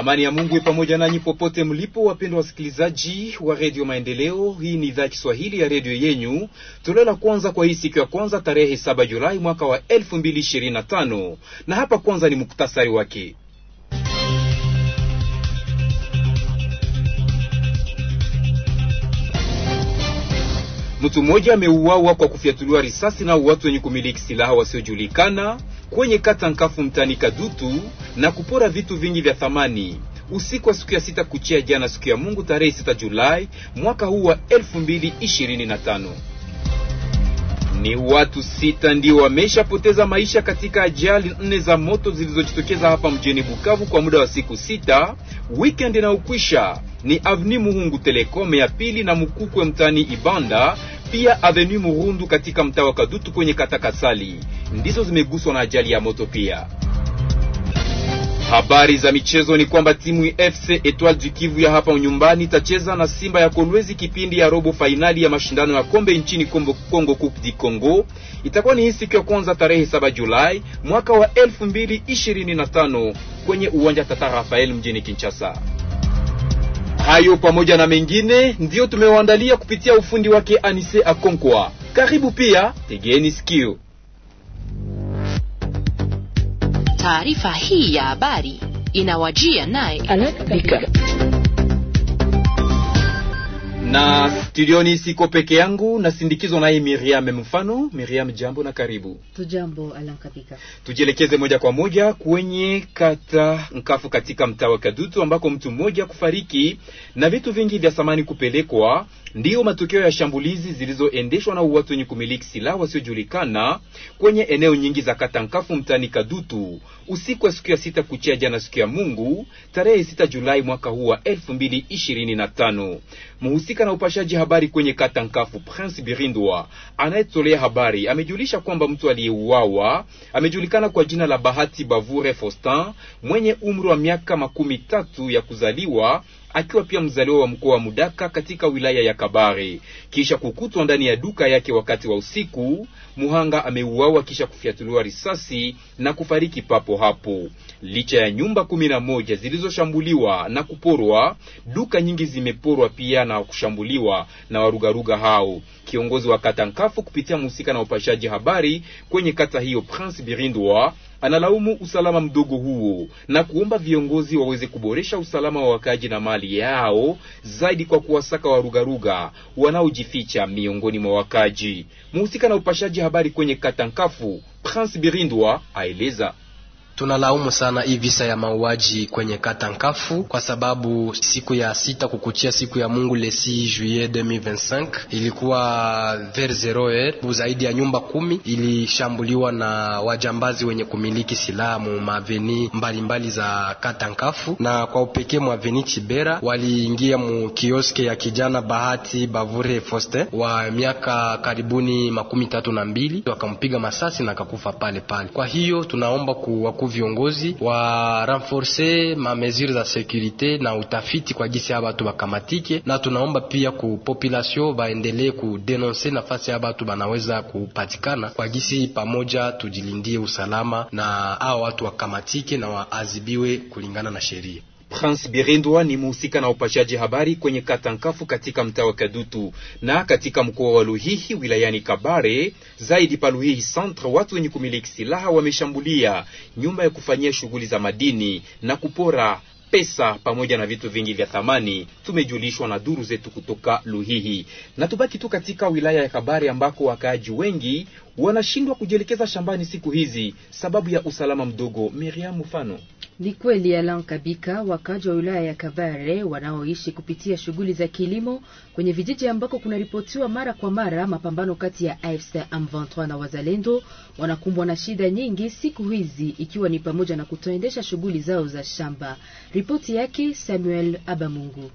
Amani ya Mungu pamoja nanyi popote mlipo, wapendwa wasikilizaji wa redio Maendeleo. Hii ni idhaa Kiswahili ya redio yenyu, toleo la kwanza kwa hii siku ya kwanza tarehe 7 Julai mwaka wa 2025 na hapa kwanza ni muktasari wake. Mtu mmoja ameuawa kwa kufyatuliwa risasi na watu wenye kumiliki silaha wasiojulikana kwenye kata Nkafu mtani Kadutu na kupora vitu vingi vya thamani usiku wa siku ya sita kuchia jana siku ya Mungu tarehe 6 Julai mwaka huu wa 2025. Ni watu sita ndio wameshapoteza maisha katika ajali nne za moto zilizojitokeza hapa mjini Bukavu kwa muda wa siku sita. Weekend inayokwisha ni Avni Muhungu Telekome ya pili na Mukukwe mtani Ibanda pia Avenue Murundu katika mtaa wa Kadutu kwenye kata Kasali ndizo zimeguswa na ajali ya moto pia. Habari za michezo ni kwamba timu FC Etoile du Kivu ya hapa nyumbani itacheza na Simba ya Kolwezi kipindi ya robo fainali ya mashindano ya kombe nchini Kongo, Congo Coupe du Congo. Itakuwa ni siku ya kwanza tarehe 7 Julai mwaka wa 2025 kwenye uwanja Tata Rafael mjini Kinshasa. Hayo pamoja na mengine ndiyo tumewaandalia kupitia ufundi wake Anise Akonkwa. Karibu pia, tegeni sikio taarifa hii ya habari inawajia naye na studioni siko peke yangu, nasindikizwa naye Miriam Mfano. Miriam, jambo na karibu. Tujambo ala kabika. Tujielekeze moja kwa moja kwenye kata Nkafu katika mtaa wa Kadutu ambako mtu mmoja kufariki na vitu vingi vya samani kupelekwa ndiyo matokeo ya shambulizi zilizoendeshwa na watu wenye kumiliki silaha wasiojulikana kwenye eneo nyingi za Katankafu mtani Kadutu usiku wa siku ya sita kuchia jana siku ya Mungu tarehe sita Julai mwaka huu wa 2025. mbili Mhusika na upashaji habari kwenye Katankafu Prince Birindwa anayetolea habari amejulisha kwamba mtu aliyeuawa amejulikana kwa jina la Bahati Bavure Faustin mwenye umri wa miaka makumi tatu ya kuzaliwa akiwa pia mzaliwa wa mkoa wa Mudaka katika wilaya ya Kabare. Kisha kukutwa ndani ya duka yake wakati wa usiku, Muhanga ameuawa kisha kufyatuliwa risasi na kufariki papo hapo. Licha ya nyumba kumi na moja zilizoshambuliwa na kuporwa, duka nyingi zimeporwa pia na kushambuliwa na warugaruga hao. Kiongozi wa kata Nkafu kupitia mhusika na upashaji habari kwenye kata hiyo Prince Birindwa analaumu usalama mdogo huo na kuomba viongozi waweze kuboresha usalama wa wakaaji na mali yao zaidi kwa kuwasaka warugaruga wanaojificha miongoni mwa wakaaji. Muhusika na upashaji habari kwenye Katankafu, Prince Birindwa aeleza Tunalaumu sana hii visa ya mauaji kwenye kata Nkafu kwa sababu siku ya sita kukuchia siku ya Mungu le 6 juillet 2025 ilikuwa ver 0h zaidi ya nyumba kumi ilishambuliwa na wajambazi wenye kumiliki silaha mu maveni mbalimbali za kata Nkafu, na kwa upekee mwaveni Chibera waliingia mu kioske ya kijana Bahati Bavure foste wa miaka karibuni makumi tatu na mbili wakampiga masasi na akakufa pale pale. Kwa hiyo tunaomba ku viongozi wa renforce ma mesure za securite na utafiti kwa gisi ya batu bakamatike, na tunaomba pia ku population baendelee kudenonse nafasi ya batu banaweza kupatikana kwa gisi, pamoja tujilindie usalama na hao watu wakamatike na waadhibiwe kulingana na sheria. Prince Birindwa ni muhusika na upashaji habari kwenye kata Nkafu katika mtaa wa Kadutu na katika mkoa wa Luhihi wilayani Kabare, zaidi pa Luhihi Centre, watu wenye kumiliki silaha wameshambulia nyumba ya kufanyia shughuli za madini na kupora pesa pamoja na vitu vingi vya thamani, tumejulishwa na duru zetu kutoka Luhihi. Na tubaki tu katika wilaya ya Kabare ambako wakaaji wengi wanashindwa kujielekeza shambani siku hizi sababu ya usalama mdogo. Miriam mfano ni kweli Alan Kabika, wakaji wa wilaya ya Kabare wanaoishi kupitia shughuli za kilimo kwenye vijiji ambako kunaripotiwa mara kwa mara mapambano kati ya AFC M23 na wazalendo wanakumbwa na shida nyingi siku hizi, ikiwa ni pamoja na kutoendesha shughuli zao za shamba. Ripoti yake Samuel Abamungu.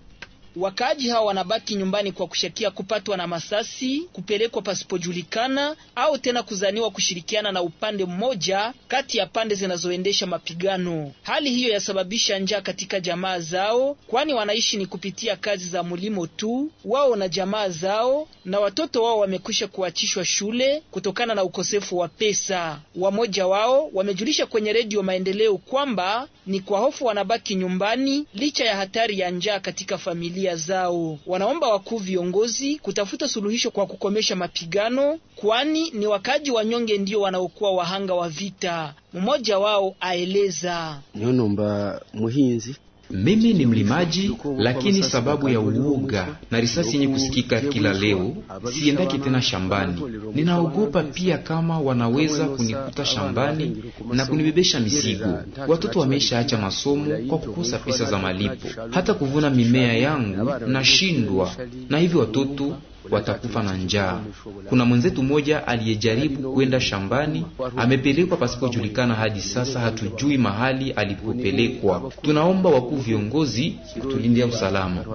Wakaaji hawa wanabaki nyumbani kwa kushakia kupatwa na masasi, kupelekwa pasipojulikana, au tena kuzaniwa kushirikiana na upande mmoja kati ya pande zinazoendesha mapigano. Hali hiyo yasababisha njaa katika jamaa zao, kwani wanaishi ni kupitia kazi za mulimo tu, wao na jamaa zao, na watoto wao wamekwisha kuachishwa shule kutokana na ukosefu wa pesa. Wamoja wao wamejulisha kwenye redio Maendeleo kwamba ni kwa hofu wanabaki nyumbani licha ya hatari ya njaa katika familia familia zao. Wanaomba wakuu viongozi kutafuta suluhisho kwa kukomesha mapigano, kwani ni wakaji wanyonge ndio wanaokuwa wahanga wa vita. Mmoja wao aeleza: nionomba muhinzi mimi ni mlimaji, lakini sababu ya uoga na risasi yenye kusikika kila leo siendaki tena shambani. Ninaogopa pia kama wanaweza kunikuta shambani na kunibebesha mizigo. Watoto wameshaacha masomo kwa kukosa pesa za malipo, hata kuvuna mimea yangu nashindwa, na hivyo watoto watakufa na njaa. Kuna mwenzetu mmoja aliyejaribu kwenda shambani, amepelekwa pasipojulikana. Hadi sasa hatujui mahali alipopelekwa. Tunaomba wakuu viongozi kutulindia usalama.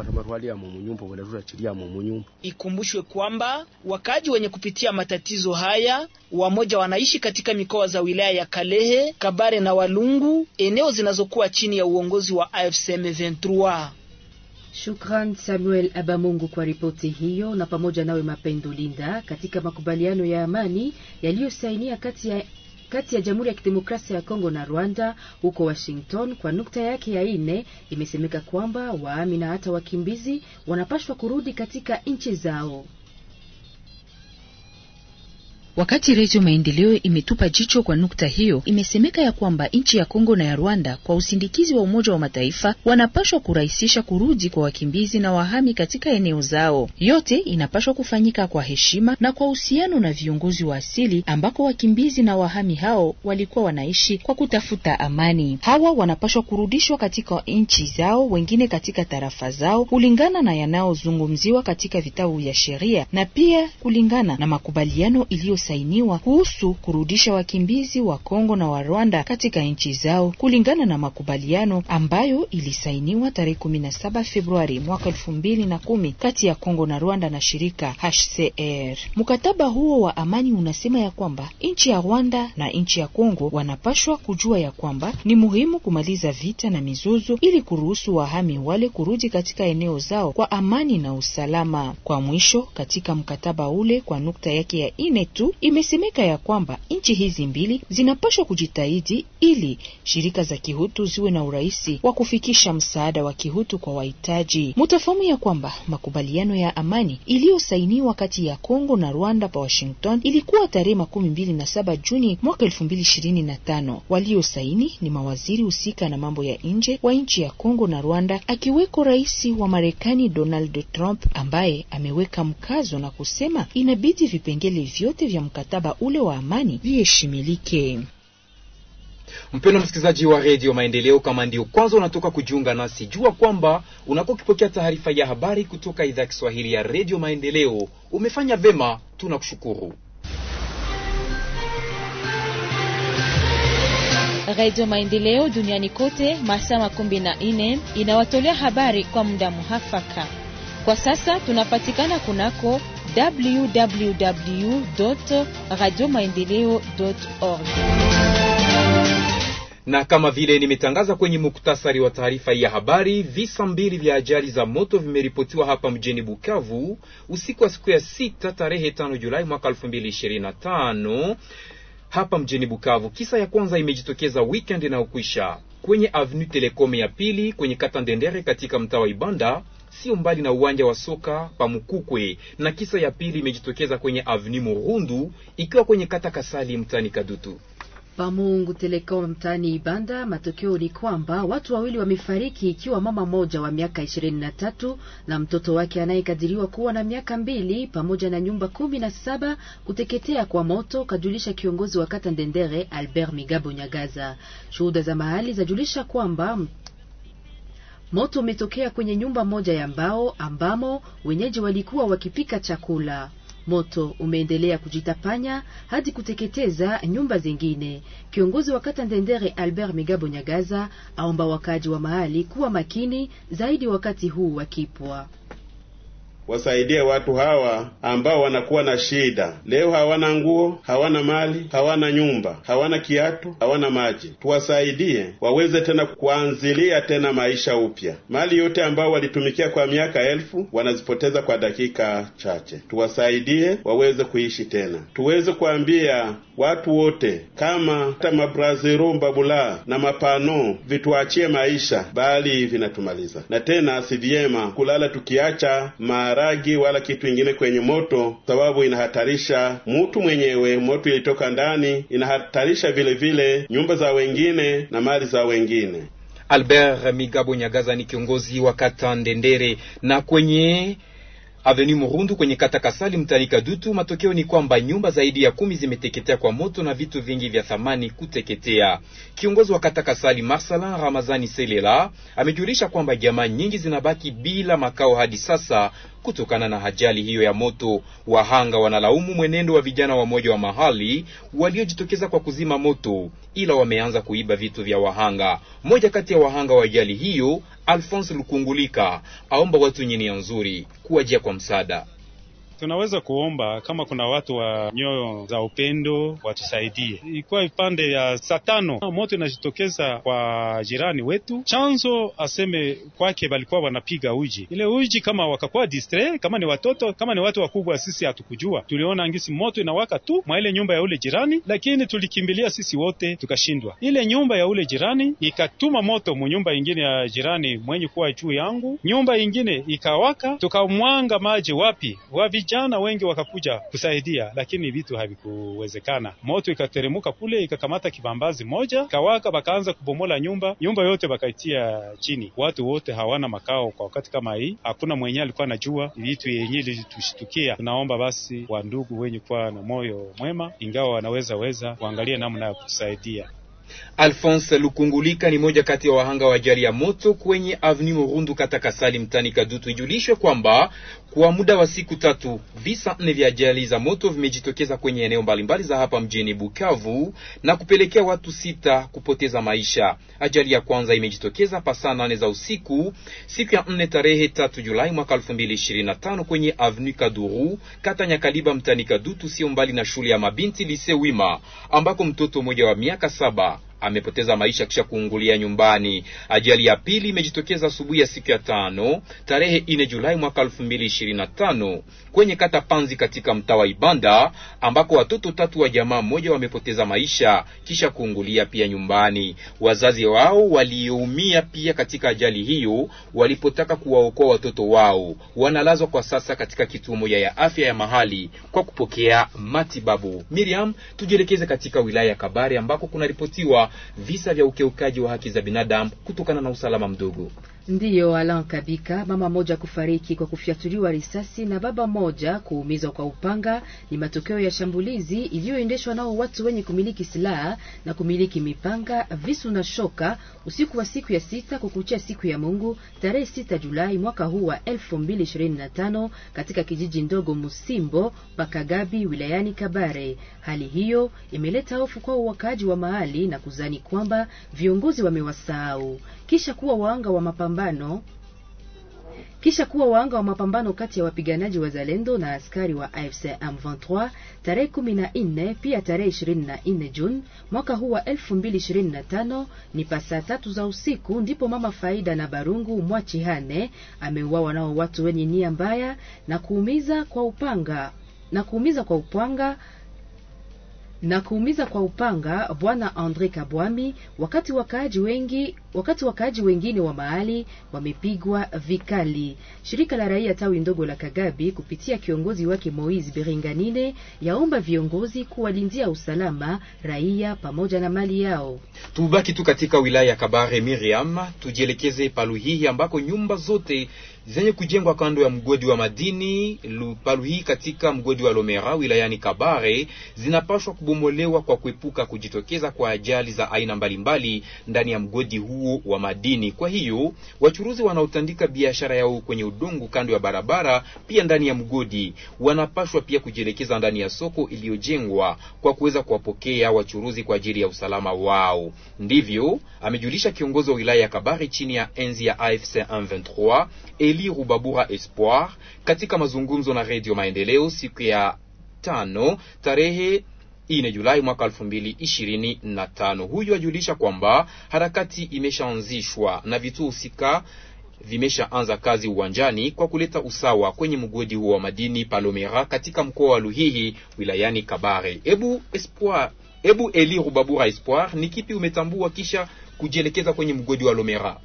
Ikumbushwe kwamba wakaaji wenye kupitia matatizo haya wamoja wanaishi katika mikoa za wilaya ya Kalehe, Kabare na Walungu, eneo zinazokuwa chini ya uongozi wa AFC M23. Shukran Samuel Abamungu kwa ripoti hiyo, na pamoja nawe Mapendo Linda. Katika makubaliano ya amani yaliyosainia kati ya kati ya Jamhuri ya Kidemokrasia ya Kongo na Rwanda huko Washington, kwa nukta yake ya nne imesemeka kwamba waami na hata wakimbizi wanapashwa kurudi katika nchi zao. Wakati Redio Maendeleo imetupa jicho kwa nukta hiyo, imesemeka ya kwamba nchi ya Kongo na ya Rwanda kwa usindikizi wa Umoja wa Mataifa wanapashwa kurahisisha kurudi kwa wakimbizi na wahami katika eneo zao. Yote inapashwa kufanyika kwa heshima na kwa uhusiano na viongozi wa asili ambako wakimbizi na wahami hao walikuwa wanaishi kwa kutafuta amani. Hawa wanapashwa kurudishwa katika nchi zao, wengine katika tarafa zao, kulingana na yanayozungumziwa katika vitabu vya sheria na pia kulingana na makubaliano iliyo yalisainiwa kuhusu kurudisha wakimbizi wa Kongo na wa Rwanda katika nchi zao kulingana na makubaliano ambayo ilisainiwa tarehe 17 Februari mwaka 2010 kati ya Kongo na Rwanda na shirika HCR. Mkataba huo wa amani unasema ya kwamba nchi ya Rwanda na nchi ya Kongo wanapashwa kujua ya kwamba ni muhimu kumaliza vita na mizozo ili kuruhusu wahami wale kurudi katika eneo zao kwa amani na usalama. Kwa mwisho, katika mkataba ule, kwa nukta yake ya ine tu imesemeka ya kwamba nchi hizi mbili zinapaswa kujitahidi ili shirika za kihutu ziwe na urahisi wa kufikisha msaada wa kihutu kwa wahitaji. Mutafahamu ya kwamba makubaliano ya amani iliyosainiwa kati ya Kongo na Rwanda pa Washington ilikuwa tarehe makumi mbili na saba Juni mwaka elfu mbili ishirini na tano. Waliosaini ni mawaziri husika na mambo ya nje wa nchi ya Kongo na Rwanda, akiweko rais wa Marekani Donald Trump ambaye ameweka mkazo na kusema inabidi vipengele vyote vya ya mkataba ule wa amani viheshimilike. Mpendwa msikilizaji wa redio Maendeleo, kama ndio kwanza unatoka kujiunga nasi, jua kwamba unakuwa ukipokea taarifa ya habari kutoka idhaa ya Kiswahili ya redio Maendeleo. Umefanya vema, tunakushukuru. Redio Maendeleo duniani kote masaa makumi na nne inawatolea habari kwa muda muhafaka. Kwa sasa tunapatikana kunako www radio maendeleo org. Na kama vile nimetangaza kwenye muktasari wa taarifa ya habari, visa mbili vya ajali za moto vimeripotiwa hapa mjini Bukavu usiku wa siku ya sita tarehe 5 Julai mwaka 2025 hapa mjini Bukavu. Kisa ya kwanza imejitokeza weekend inayokwisha kwenye Avenue Telecom ya pili kwenye kata Ndendere katika mtaa wa Ibanda sio mbali na uwanja wa soka pa Mkukwe, na kisa ya pili imejitokeza kwenye Avenue Murundu ikiwa kwenye kata Kasali mtani Kadutu Pamungu Telecom mtaani Ibanda. Matokeo ni kwamba watu wawili wamefariki, ikiwa mama mmoja wa miaka ishirini na tatu na mtoto wake anayekadiriwa kuwa na miaka mbili pamoja na nyumba kumi na saba kuteketea kwa moto, kajulisha kiongozi wa kata Ndendere Albert Migabo Nyagaza. Shuhuda za mahali zajulisha kwamba Moto umetokea kwenye nyumba moja ya mbao ambamo wenyeji walikuwa wakipika chakula. Moto umeendelea kujitapanya hadi kuteketeza nyumba zingine. Kiongozi wa kata Ndendere Albert Migabo Nyagaza aomba wakaaji wa mahali kuwa makini zaidi wakati huu wakipwa wasaidie watu hawa ambao wanakuwa na shida leo. Hawana nguo, hawana mali, hawana nyumba, hawana kiatu, hawana maji. Tuwasaidie waweze tena kuanzilia tena maisha upya. Mali yote ambao walitumikia kwa miaka elfu wanazipoteza kwa dakika chache. Tuwasaidie waweze kuishi tena, tuweze kuambia watu wote kama hata mabrazero mbabula na mapano vituachie maisha, bali vinatumaliza. Na tena si vyema kulala tukiacha mara maharagi wala kitu ingine kwenye moto, sababu inahatarisha mutu mwenyewe, moto ilitoka ndani, inahatarisha vile vile nyumba za wengine na mali za wengine. Albert Migabo Nyagaza ni kiongozi wa kata Ndendere na kwenye Avenue Murundu kwenye kata Kasali mtani Kadutu. Matokeo ni kwamba nyumba zaidi ya kumi zimeteketea kwa moto na vitu vingi vya thamani kuteketea. Kiongozi wa kata Kasali Marsalin Ramazani Selela amejulisha kwamba jamaa nyingi zinabaki bila makao hadi sasa Kutokana na ajali hiyo ya moto, wahanga wanalaumu mwenendo wa vijana wa moja wa mahali waliojitokeza kwa kuzima moto, ila wameanza kuiba vitu vya wahanga. Mmoja kati ya wahanga wa ajali hiyo, Alphonse Lukungulika, aomba watu wenye ya nzuri kuwajia kwa msaada. Tunaweza kuomba kama kuna watu wa nyoyo za upendo watusaidie. Ilikuwa ipande ya saa tano moto inajitokeza kwa jirani wetu, chanzo aseme kwake walikuwa wanapiga uji. Ile uji kama wakakuwa distre, kama ni watoto, kama ni watu wakubwa, sisi hatukujua. Tuliona ngisi moto inawaka tu mwa ile nyumba ya ule jirani, lakini tulikimbilia sisi wote tukashindwa. Ile nyumba ya ule jirani ikatuma moto munyumba ingine ya jirani mwenye kuwa juu yangu, nyumba ingine ikawaka, tukamwanga maji wapi wapi vijana wengi wakakuja kusaidia, lakini vitu havikuwezekana. Moto ikateremuka kule ikakamata kibambazi moja kawaka, bakaanza kubomola nyumba, nyumba yote bakaitia chini, watu wote hawana makao kwa wakati kama hii. Hakuna mwenye alikuwa anajua vitu yenye ilitushtukia. Tunaomba basi wandugu wenye kuwa na moyo mwema, ingawa wanaweza weza, kuangalia namna ya kutusaidia. Alphonse Lukungulika ni moja kati ya wahanga wa ajali ya moto kwenye Avenue Rundu kata Kasali mtani Kadutu. Ijulishwe kwamba kwa muda wa siku tatu visa nne vya ajali za moto vimejitokeza kwenye eneo mbalimbali za hapa mjini Bukavu na kupelekea watu sita kupoteza maisha. Ajali ya kwanza imejitokeza pasaa nane za usiku siku ya nne tarehe tatu Julai mwaka elfu mbili ishirini na tano kwenye Avenue Kaduru kata Nyakaliba mtani Kadutu sio mbali na shule ya mabinti Lise Wima ambako mtoto mmoja wa miaka saba amepoteza maisha kisha kuungulia nyumbani. Ajali ya pili imejitokeza asubuhi ya siku ya tano tarehe nne Julai mwaka elfu mbili ishirini na tano kwenye kata Panzi katika mtaa wa Ibanda ambako watoto tatu wa jamaa mmoja wamepoteza maisha kisha kuungulia pia nyumbani. Wazazi wao walioumia pia katika ajali hiyo walipotaka kuwaokoa watoto wao wanalazwa kwa sasa katika kituo moja ya afya ya mahali kwa kupokea matibabu. Miriam, tujielekeze katika wilaya ya Kabare ambako kunaripotiwa visa vya ukiukaji wa haki za binadamu kutokana na usalama mdogo. Ndiyo, Alan Kabika, mama moja kufariki kwa kufyatuliwa risasi na baba moja kuumizwa kwa upanga ni matokeo ya shambulizi iliyoendeshwa nao watu wenye kumiliki silaha na kumiliki mipanga, visu na shoka usiku wa siku ya sita kukuchia siku ya Mungu tarehe sita Julai mwaka huu wa 2025 katika kijiji ndogo Musimbo Pakagabi wilayani Kabare. Hali hiyo imeleta hofu kwa wakaaji wa mahali na kuzani kwamba viongozi wamewasahau kisha kuwa waanga wa mapambano mapambano kisha kuwa waanga wa mapambano kati ya wapiganaji wa Zalendo na askari wa AFC M23 tarehe 14 pia tarehe 24 Juni mwaka huu wa 2025, ni pasaa tatu za usiku ndipo mama Faida na Barungu Mwachihane ameuawa nao watu wenye nia mbaya na kuumiza kwa upanga na kuumiza kwa upanga na kuumiza kwa upanga bwana Andre Kabwami, wakati wakaaji wengi wakati wakaaji wengine wa mahali wamepigwa vikali. Shirika la raia tawi ndogo la Kagabi kupitia kiongozi wake Moise beringanine yaomba viongozi kuwalindia usalama raia pamoja na mali yao. Tubaki tu katika wilaya ya Kabare Miriam, tujielekeze paluhihi ambako nyumba zote zenye kujengwa kando ya mgodi wa madini Lupaluhi katika mgodi wa Lomera wilayani Kabare zinapaswa kubomolewa kwa kuepuka kujitokeza kwa ajali za aina mbalimbali ndani ya mgodi huo wa madini. Kwa hiyo wachuruzi wanaotandika biashara yao kwenye udongo kando ya barabara, pia ndani ya mgodi, wanapaswa pia kujielekeza ndani ya soko iliyojengwa kwa kuweza kuwapokea wachuruzi kwa ajili ya usalama wao. Ndivyo amejulisha kiongozi wa wilaya ya Kabare chini ya enzi ya AFC M23 Eli Rubabura Espoir katika mazungumzo na Redio Maendeleo siku ya tano tarehe ine Julai mwaka elfu mbili ishirini na tano. Huyu ajulisha kwamba harakati imeshaanzishwa na vituo husika vimeshaanza kazi uwanjani kwa kuleta usawa kwenye mgodi huo wa madini Palomera katika mkoa wa Luhihi wilayani Kabare. Ebu Espoir, ebu Eli Rubabura Espoir, ni kipi umetambua kisha kujielekeza kwenye mgodi wa Lomera?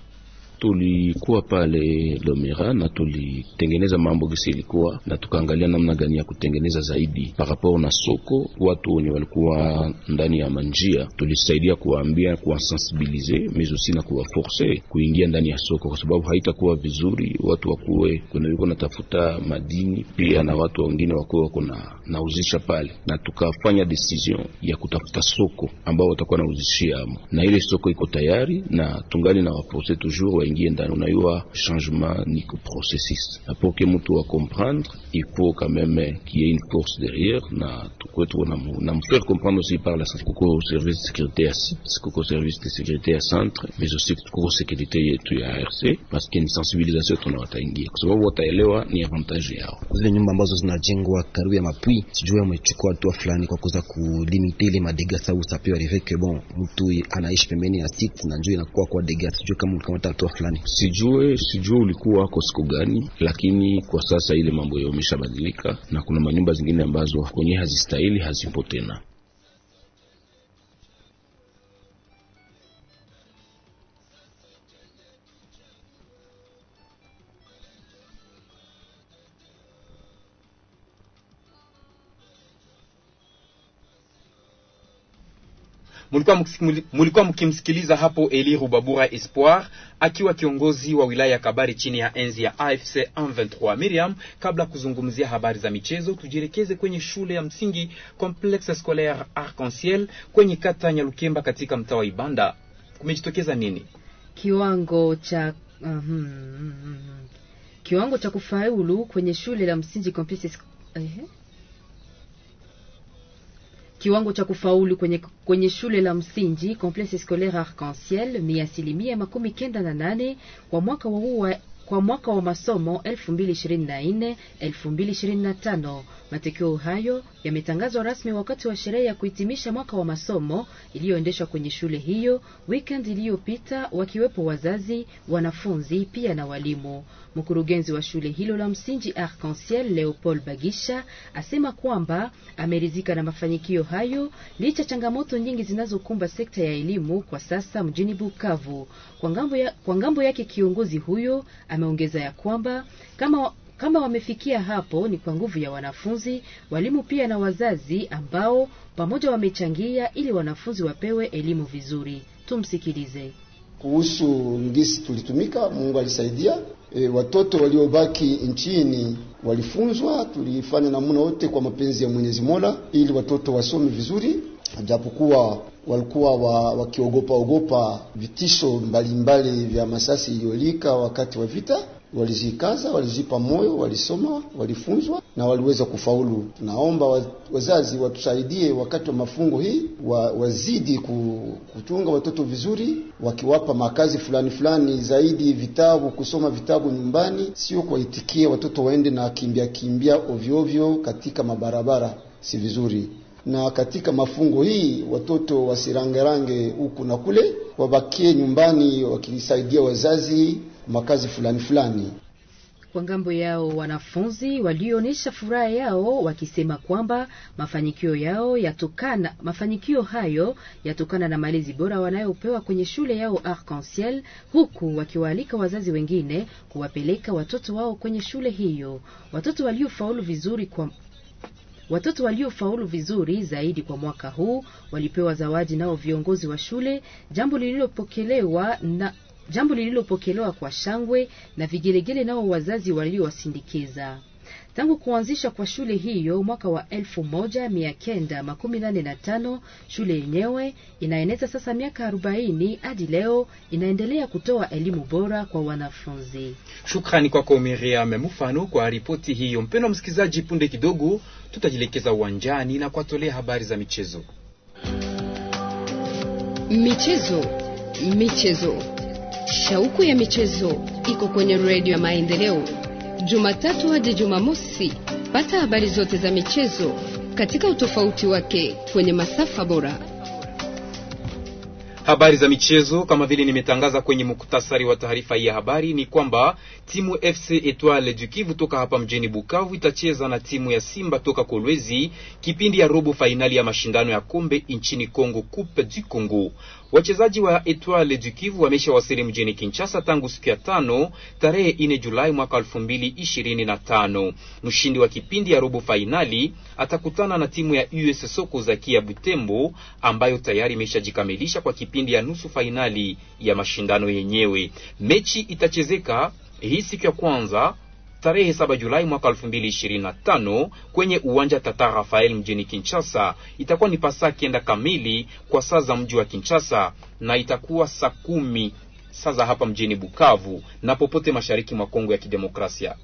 tulikuwa pale Lomera na tulitengeneza mambo gisi ilikuwa na tukaangalia namna gani ya kutengeneza zaidi parapor na soko. Watu wenye walikuwa ndani ya manjia tulisaidia kuwaambia, kuwasensibilize mezosi na kuwaforce kuingia ndani ya soko, kwa sababu haitakuwa vizuri watu wakuwe yuko natafuta madini pia na watu wengine wakuwe wako nauzisha pale, na tukafanya decision ya kutafuta soko ambao watakuwa nauzishia amo, na ile soko iko tayari na tungali na waforce toujours waingie ndani. Unaiwa changement niko processus, na pour que mtu wa comprendre il faut quand même qu'il y ait une course derrière, na na na namfaire comprendre aussi par la kuko service de sécurité à ya kuko service de sécurité à centre, mais aussi kuko sécurité yetu ya RC parce qu'il y a une sensibilisation tunawataingia kwa sababu wataelewa ni avantage yao. Zile nyumba ambazo zinajengwa karibu ya mapui, sijui amechukua hatua fulani kwa kuweza kulimiti ile madega sau sapewa riveke bon, mtu anaishi pembeni ya site na njoo inakuwa kwa dega, sijui kama ulikamata hatua fulani, sijue sijue ulikuwa wako siku gani, lakini kwa sasa ile mambo yameshabadilika, na kuna manyumba zingine ambazo wenyewe hazistahili hazipo tena. Mulikuwa, mkimsikiliza hapo Eli Rubabura Espoir akiwa kiongozi wa wilaya ya kabari chini ya enzi ya AFC M23. Miriam, kabla kuzungumzia habari za michezo, tujielekeze kwenye shule ya msingi Complex Scolaire Arc-en-Ciel kwenye kata Nyalukemba katika mtaa wa Ibanda. Kumejitokeza nini? Kiwango cha uh, hmm, hmm, hmm. Kiwango cha kufaulu kwenye shule la msingi Complex uh, Kiwango cha kufaulu kwenye, kwenye shule la msingi Complexe Scolaire Arc-en-Ciel ni asilimia makumi kenda na nane kwa mwaka wa huu kwa mwaka wa masomo 2024 2025. Matokeo hayo yametangazwa rasmi wakati wa sherehe ya kuhitimisha mwaka wa masomo iliyoendeshwa kwenye shule hiyo weekend iliyopita, wakiwepo wazazi, wanafunzi pia na walimu. Mkurugenzi wa shule hilo la msingi Arc-en-Ciel Leopold Bagisha asema kwamba ameridhika na mafanikio hayo licha changamoto nyingi zinazokumba sekta ya elimu kwa sasa mjini Bukavu. Kwa ngambo yake ya kiongozi huyo ameongeza ya kwamba kama kama wamefikia hapo, ni kwa nguvu ya wanafunzi, walimu pia na wazazi, ambao pamoja wamechangia ili wanafunzi wapewe elimu vizuri. Tumsikilize. Kuhusu ngisi tulitumika, Mungu alisaidia. E, watoto waliobaki nchini walifunzwa, tulifanya namna wote kwa mapenzi ya Mwenyezi Mola ili watoto wasome vizuri, japokuwa walikuwa wa, wakiogopa ogopa vitisho mbalimbali mbali vya masasi iliyolika wakati wa vita walizikaza, walizipa moyo, walisoma, walifunzwa na waliweza kufaulu. naomba wazazi watusaidie wakati wa mafungo hii, wa, wazidi kuchunga watoto vizuri, wakiwapa makazi fulani fulani zaidi, vitabu, kusoma vitabu nyumbani, sio kuwaitikia watoto waende na kimbia kimbia ovyo ovyo katika mabarabara, si vizuri na katika mafungo hii watoto wasirangerange huku na kule, wabakie nyumbani wakisaidia wazazi makazi fulani fulani. Kwa ngambo yao wanafunzi walioonyesha furaha yao wakisema kwamba mafanikio yao yatokana, mafanikio hayo yatokana na malezi bora wanayopewa kwenye shule yao Arc-en-Ciel, huku wakiwaalika wazazi wengine kuwapeleka watoto wao kwenye shule hiyo. Watoto waliofaulu vizuri kwa watoto waliofaulu vizuri zaidi kwa mwaka huu walipewa zawadi nao viongozi wa shule, jambo lililopokelewa na jambo lililopokelewa kwa shangwe na vigelegele nao wazazi waliowasindikiza. Tangu kuanzisha kwa shule hiyo mwaka wa 1985 shule yenyewe inaeneza sasa miaka 40 hadi leo inaendelea kutoa elimu bora kwa wanafunzi. Shukrani kwako Miriam mfano kwa ripoti hiyo. Mpendwa msikilizaji, punde kidogo tutajielekeza uwanjani na kuwatolea habari za michezo. Michezo, michezo Shauku ya michezo iko kwenye redio ya Maendeleo, Jumatatu hadi Jumamosi. Pata habari zote za michezo katika utofauti wake kwenye masafa bora. Habari za michezo kama vile nimetangaza kwenye muktasari wa taarifa hii ya habari ni kwamba timu FC Etoile du Kivu toka hapa mjini Bukavu itacheza na timu ya Simba toka Kolwezi kipindi ya robo fainali ya mashindano ya kombe nchini congo Coupe du Congo. Wachezaji wa Etoile du Kivu wameshawasili mjini Kinshasa tangu siku ya tano tarehe ine Julai mwaka elfu mbili ishirini na tano. Mshindi wa kipindi ya robo fainali atakutana na timu ya US Soko kia Butembo ambayo tayari imeshajikamilisha kwa kipindi ya nusu fainali ya mashindano yenyewe. Mechi itachezeka hii siku ya kwanza tarehe 7 Julai mwaka 2025 kwenye uwanja Tata Rafael mjini Kinshasa. Itakuwa ni pasaa kenda kamili kwa saa za mji wa Kinshasa na itakuwa saa kumi saa za hapa mjini Bukavu na popote mashariki mwa Kongo ya Kidemokrasia.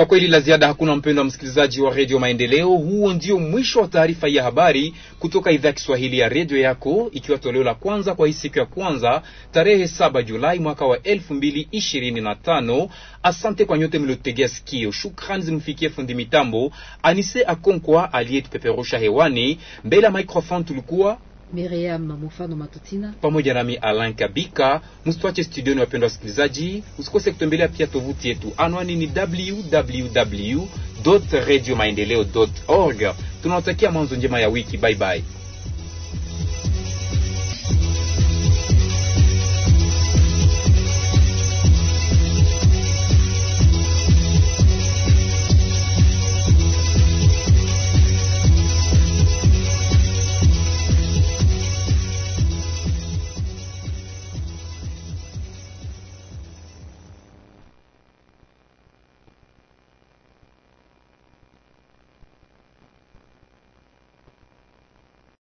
Kwa kweli la ziada hakuna, mpendo wa msikilizaji wa redio Maendeleo. Huo ndio mwisho wa taarifa ya habari kutoka idhaa ya Kiswahili ya redio yako, ikiwa toleo la kwanza kwa hii siku ya kwanza tarehe 7 Julai mwaka wa 2025. Asante kwa nyote mliotegea sikio. Shukrani zimfikie fundi mitambo Anise Akonkwa aliyetupeperusha hewani. Mbele ya microphone tulikuwa Miriam Mufano Matutina pamoja nami Alan Kabika. Msitwache studioni, wapendwa wasikilizaji, usikose kutembelea pia tovuti yetu, anwani ni www radio maendeleo org. Tunawatakia mwanzo njema ya wiki. Bye bye.